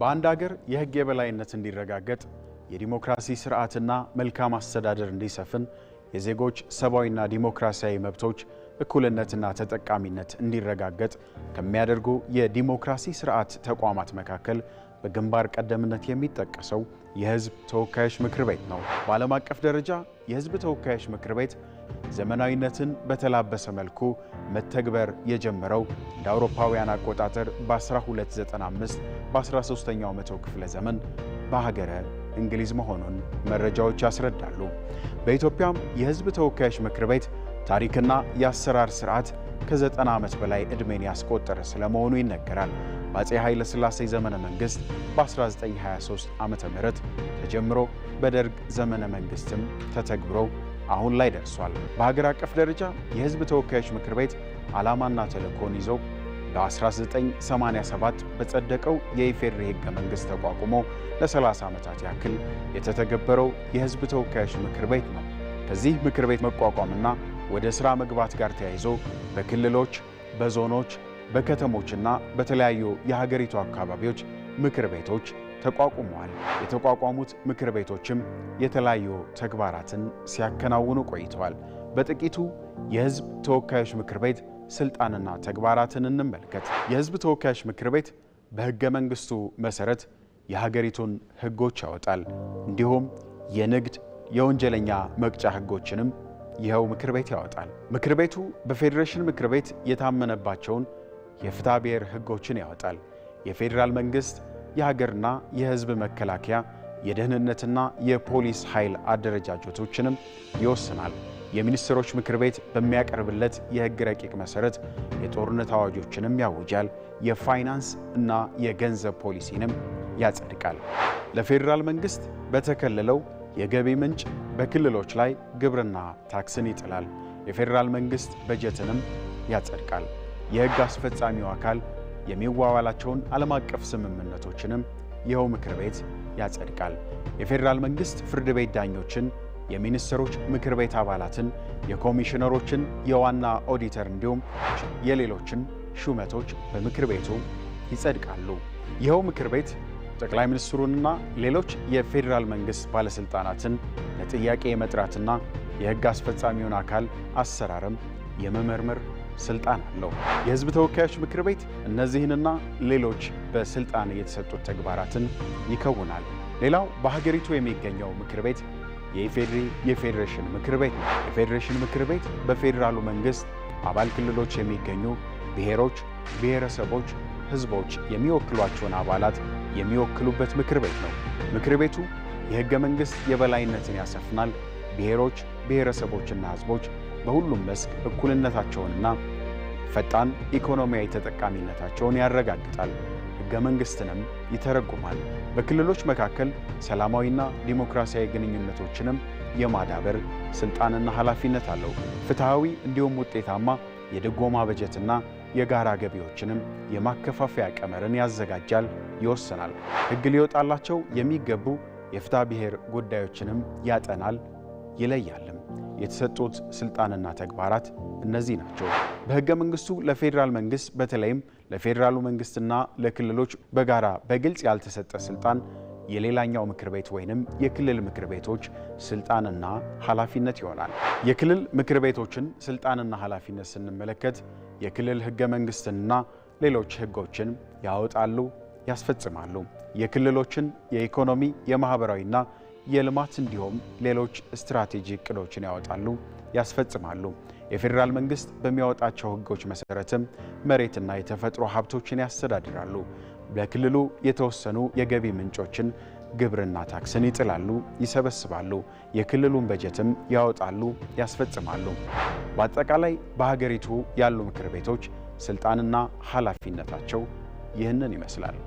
በአንድ አገር የህግ የበላይነት እንዲረጋገጥ የዲሞክራሲ ስርዓትና መልካም አስተዳደር እንዲሰፍን የዜጎች ሰብአዊና ዲሞክራሲያዊ መብቶች እኩልነትና ተጠቃሚነት እንዲረጋገጥ ከሚያደርጉ የዲሞክራሲ ስርዓት ተቋማት መካከል በግንባር ቀደምነት የሚጠቀሰው የህዝብ ተወካዮች ምክር ቤት ነው። በዓለም አቀፍ ደረጃ የህዝብ ተወካዮች ምክር ቤት ዘመናዊነትን በተላበሰ መልኩ መተግበር የጀመረው እንደ አውሮፓውያን አቆጣጠር በ1295 በ13ኛው መቶ ክፍለ ዘመን በሀገረ እንግሊዝ መሆኑን መረጃዎች ያስረዳሉ። በኢትዮጵያም የሕዝብ ተወካዮች ምክር ቤት ታሪክና የአሰራር ስርዓት ከ90 ዓመት በላይ ዕድሜን ያስቆጠረ ስለመሆኑ ይነገራል። በአፄ ኃይለ ሥላሴ ዘመነ መንግሥት በ1923 ዓ ም ተጀምሮ በደርግ ዘመነ መንግሥትም ተተግብሮ አሁን ላይ ደርሷል። በሀገር አቀፍ ደረጃ የህዝብ ተወካዮች ምክር ቤት ዓላማና ተልእኮን ይዞ በ1987 በጸደቀው የኢፌዴሪ ህገ መንግሥት ተቋቁሞ ለ30 ዓመታት ያክል የተተገበረው የህዝብ ተወካዮች ምክር ቤት ነው። ከዚህ ምክር ቤት መቋቋምና ወደ ሥራ መግባት ጋር ተያይዞ በክልሎች፣ በዞኖች፣ በከተሞችና በተለያዩ የሀገሪቱ አካባቢዎች ምክር ቤቶች ተቋቁመዋል። የተቋቋሙት ምክር ቤቶችም የተለያዩ ተግባራትን ሲያከናውኑ ቆይተዋል። በጥቂቱ የህዝብ ተወካዮች ምክር ቤት ስልጣንና ተግባራትን እንመልከት። የህዝብ ተወካዮች ምክር ቤት በህገ መንግስቱ መሰረት የሀገሪቱን ህጎች ያወጣል። እንዲሁም የንግድ የወንጀለኛ መቅጫ ህጎችንም ይኸው ምክር ቤት ያወጣል። ምክር ቤቱ በፌዴሬሽን ምክር ቤት የታመነባቸውን የፍትሐ ብሔር ህጎችን ያወጣል። የፌዴራል መንግሥት የሀገርና የሕዝብ መከላከያ፣ የደህንነትና የፖሊስ ኃይል አደረጃጀቶችንም ይወስናል። የሚኒስትሮች ምክር ቤት በሚያቀርብለት የሕግ ረቂቅ መሠረት የጦርነት አዋጆችንም ያውጃል። የፋይናንስ እና የገንዘብ ፖሊሲንም ያጸድቃል። ለፌዴራል መንግሥት በተከለለው የገቢ ምንጭ በክልሎች ላይ ግብርና ታክስን ይጥላል። የፌዴራል መንግሥት በጀትንም ያጸድቃል። የሕግ አስፈጻሚው አካል የሚዋዋላቸውን ዓለም አቀፍ ስምምነቶችንም ይኸው ምክር ቤት ያጸድቃል። የፌዴራል መንግሥት ፍርድ ቤት ዳኞችን፣ የሚኒስትሮች ምክር ቤት አባላትን፣ የኮሚሽነሮችን፣ የዋና ኦዲተር እንዲሁም የሌሎችን ሹመቶች በምክር ቤቱ ይጸድቃሉ። ይኸው ምክር ቤት ጠቅላይ ሚኒስትሩንና ሌሎች የፌዴራል መንግሥት ባለሥልጣናትን ለጥያቄ የመጥራትና የሕግ አስፈጻሚውን አካል አሰራርም የመመርመር ስልጣን አለው። የህዝብ ተወካዮች ምክር ቤት እነዚህንና ሌሎች በስልጣን የተሰጡት ተግባራትን ይከውናል። ሌላው በሀገሪቱ የሚገኘው ምክር ቤት የኢፌዴሪ የፌዴሬሽን ምክር ቤት ነው። የፌዴሬሽን ምክር ቤት በፌዴራሉ መንግስት አባል ክልሎች የሚገኙ ብሔሮች፣ ብሔረሰቦች፣ ህዝቦች የሚወክሏቸውን አባላት የሚወክሉበት ምክር ቤት ነው። ምክር ቤቱ የህገ መንግስት የበላይነትን ያሰፍናል። ብሔሮች፣ ብሔረሰቦችና ህዝቦች በሁሉም መስክ እኩልነታቸውንና ፈጣን ኢኮኖሚያዊ ተጠቃሚነታቸውን ያረጋግጣል። ሕገ መንግሥትንም ይተረጉማል። በክልሎች መካከል ሰላማዊና ዲሞክራሲያዊ ግንኙነቶችንም የማዳበር ስልጣንና ኃላፊነት አለው። ፍትሐዊ እንዲሁም ውጤታማ የድጎማ በጀትና የጋራ ገቢዎችንም የማከፋፈያ ቀመርን ያዘጋጃል፣ ይወስናል። ሕግ ሊወጣላቸው የሚገቡ የፍትሐ ብሔር ጉዳዮችንም ያጠናል፣ ይለያልም። የተሰጡት ስልጣንና ተግባራት እነዚህ ናቸው። በህገ መንግስቱ ለፌዴራል መንግስት በተለይም ለፌዴራሉ መንግስትና ለክልሎች በጋራ በግልጽ ያልተሰጠ ስልጣን የሌላኛው ምክር ቤት ወይንም የክልል ምክር ቤቶች ስልጣንና ኃላፊነት ይሆናል። የክልል ምክር ቤቶችን ስልጣንና ኃላፊነት ስንመለከት የክልል ህገ መንግስትንና ሌሎች ህጎችን ያወጣሉ፣ ያስፈጽማሉ። የክልሎችን የኢኮኖሚ የማኅበራዊና የልማት እንዲሁም ሌሎች ስትራቴጂ እቅዶችን ያወጣሉ፣ ያስፈጽማሉ። የፌዴራል መንግስት በሚያወጣቸው ህጎች መሰረትም መሬትና የተፈጥሮ ሀብቶችን ያስተዳድራሉ። በክልሉ የተወሰኑ የገቢ ምንጮችን ግብርና ታክስን ይጥላሉ፣ ይሰበስባሉ። የክልሉን በጀትም ያወጣሉ፣ ያስፈጽማሉ። በአጠቃላይ በሀገሪቱ ያሉ ምክር ቤቶች ስልጣንና ኃላፊነታቸው ይህንን ይመስላል።